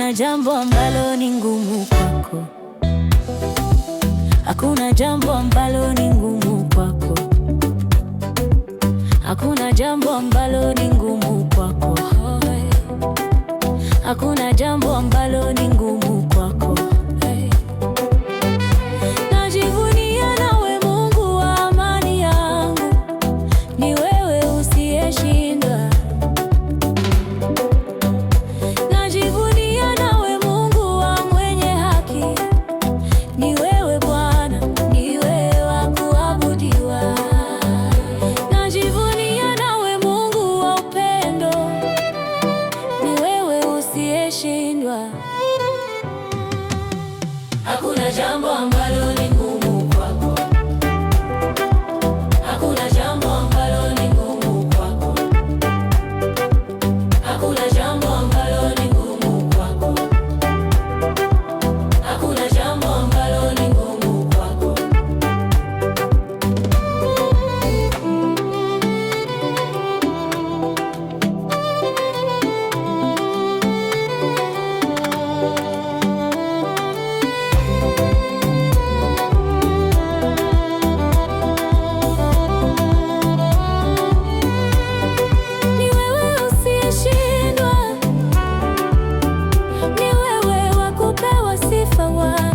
Hakuna jambo ambalo ni ngumu kwako, hakuna jambo ambalo ni ngumu kwako, hakuna jambo ambalo ni umeshindwa, hakuna jambo What.